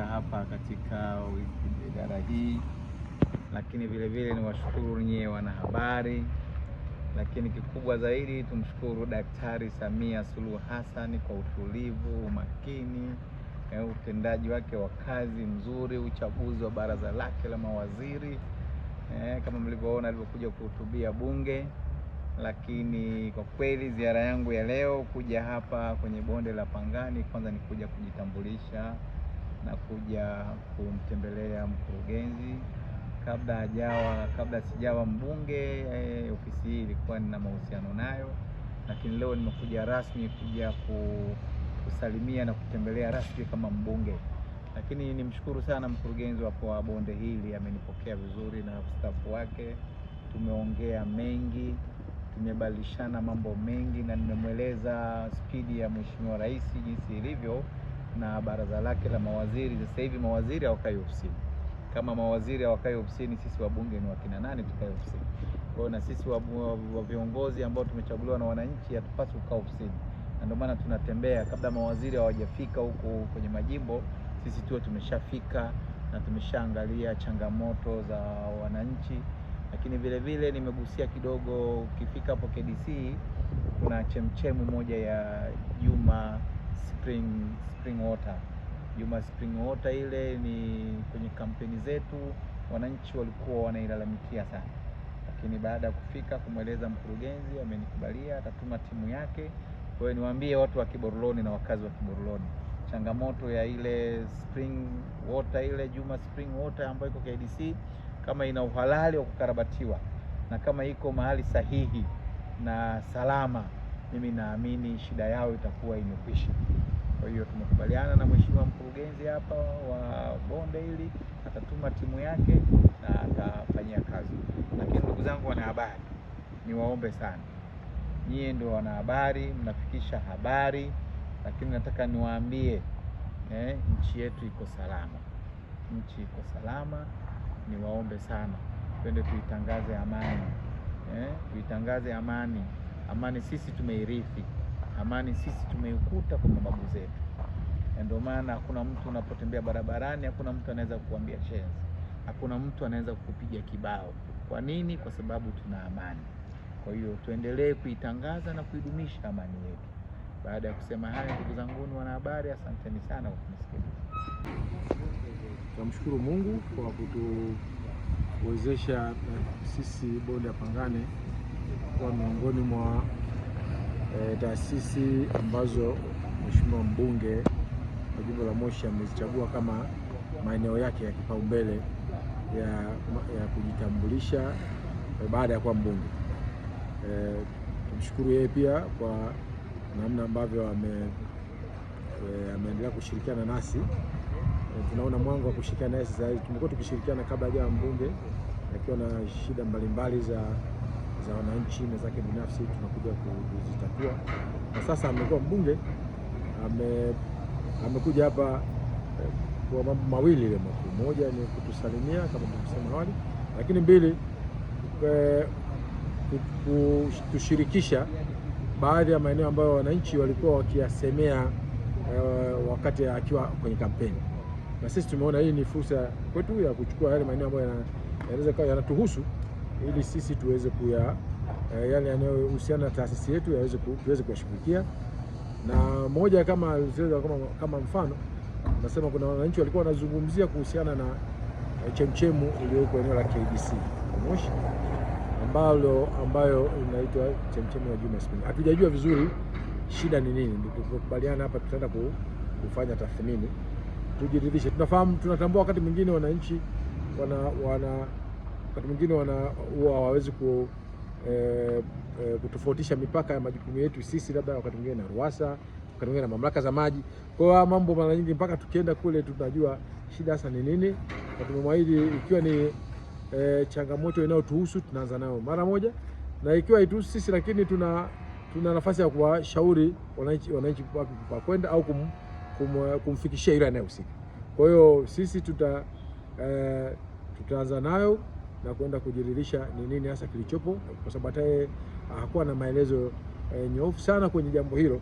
kufika hapa katika idara hii, lakini vile vile ni washukuru nyie wanahabari, lakini kikubwa zaidi tumshukuru Daktari Samia Suluhu Hassan kwa utulivu, umakini, eh, utendaji wake wa kazi mzuri, uchaguzi wa baraza lake la mawaziri eh, kama mlivyoona alivyokuja kuhutubia Bunge. Lakini kwa kweli ziara yangu ya leo kuja hapa kwenye bonde la Pangani, kwanza ni kuja kujitambulisha na kuja kumtembelea mkurugenzi kabla ajawa, kabla sijawa mbunge e, ofisi hii ilikuwa nina mahusiano nayo, lakini leo nimekuja rasmi kuja kusalimia na kutembelea rasmi kama mbunge. Lakini nimshukuru sana mkurugenzi wa bonde hili, amenipokea vizuri na stafu wake. Tumeongea mengi, tumebadilishana mambo mengi, na nimemweleza spidi ya mheshimiwa rais jinsi ilivyo na baraza lake la mawaziri. Sasa hivi mawaziri hawakai ofisini. Kama mawaziri hawakai ofisini, sisi wabunge ni wakina nani tukae ofisini? Kwa hiyo na sisi wa viongozi ambao tumechaguliwa na wananchi hatupaswi kukaa ofisini, na ndio maana tunatembea kabla mawaziri hawajafika huko kwenye majimbo, sisi tuwe tumeshafika na tumeshaangalia changamoto za wananchi. Lakini vile vile nimegusia kidogo, ukifika hapo KDC kuna chemchemu moja ya Juma spring spring water. Juma spring water ile ni kwenye kampeni zetu wananchi walikuwa wanailalamikia sana, lakini baada ya kufika kumweleza mkurugenzi amenikubalia, atatuma timu yake. Kwa hiyo niwaambie watu wa Kiboroloni na wakazi wa Kiboroloni changamoto ya ile spring water ile Juma spring water ambayo iko KDC, kama ina uhalali wa kukarabatiwa na kama iko mahali sahihi na salama mimi naamini shida yao itakuwa imekwisha. Kwa hiyo tumekubaliana na mheshimiwa mkurugenzi hapa wa bonde hili, atatuma timu yake na atafanyia kazi. Lakini ndugu zangu wanahabari, niwaombe sana, nyie ndio wanahabari, mnafikisha habari, lakini nataka niwaambie eh, nchi yetu iko salama, nchi iko salama. Niwaombe sana, twende tuitangaze amani eh, tuitangaze amani. Amani sisi tumeirithi, amani sisi tumeikuta kwa mababu zetu, ndio maana hakuna mtu unapotembea barabarani, hakuna mtu anaweza kukuambia shenzi, hakuna mtu anaweza kukupiga kibao. Kwa nini? Kwa sababu tuna amani. Kwa hiyo tuendelee kuitangaza na kuidumisha amani yetu. Baada ya kusema haya, ndugu zanguni wanahabari, asanteni sana kwa kunisikiliza. Tunamshukuru Mungu kwa kutuwezesha sisi bonde ya Pangani kuwa miongoni mwa e, taasisi ambazo Mheshimiwa mbunge wa jimbo la Moshi amezichagua kama maeneo yake ya kipaumbele ya, ya kujitambulisha e, baada ya kuwa mbunge e, tumshukuru yeye pia kwa namna ambavyo ameendelea e, kushirikiana nasi e, tunaona mwanga wa kushirikiana naye sasa hivi. Tumekuwa tukishirikiana kabla ya mbunge akiwa na shida mbalimbali za za wananchi na zake binafsi tunakuja kuzitatua. Na sasa amekuwa mbunge ame, amekuja hapa eh, kwa mambo mawili ile makuu, moja ni kutusalimia kama tulivyosema awali, lakini mbili eh, kutushirikisha baadhi ya maeneo ambayo wananchi walikuwa wakiyasemea eh, wakati akiwa kwenye kampeni, na sisi tumeona hii ni fursa kwetu ya kuchukua yale maeneo ambayo yanaweza kuwa yanatuhusu ili sisi tuweze kuya eh, yale yanayohusiana na taasisi yetu yaweze tuweze kuyashughulikia. Na moja kama kama, kama mfano nasema kuna wananchi walikuwa wanazungumzia kuhusiana na eh, chemchemu iliyoko eneo la KDC Moshi ambalo ambayo inaitwa chemchemu ya Juma Spring. Hatujajua vizuri shida ni nini, tukubaliana hapa tutaenda kufanya tathmini tujiridhishe. Tunafahamu, tunatambua wakati mwingine wananchi wana, wana wakati mwingine huwa hawawezi ku, e, e, kutofautisha mipaka ya majukumu yetu sisi, labda wakati mwingine na RUWASA, wakati mwingine na mamlaka za maji. Kwa hiyo mambo mara nyingi mpaka tukienda kule tunajua shida hasa ni nini, na tumemwahidi ikiwa ni e, changamoto inayotuhusu tunaanza nayo mara moja, na ikiwa haituhusu sisi lakini tuna tuna nafasi ya kuwashauri wananchi wananchi wapi pa kwenda au kum, kum, kumfikishia yule anayehusika. Kwa hiyo sisi tuta e, tutaanza nayo na kwenda kujiridhisha ni nini hasa kilichopo, kwa sababu hata yeye hakuwa na maelezo e, nyofu sana kwenye jambo hilo.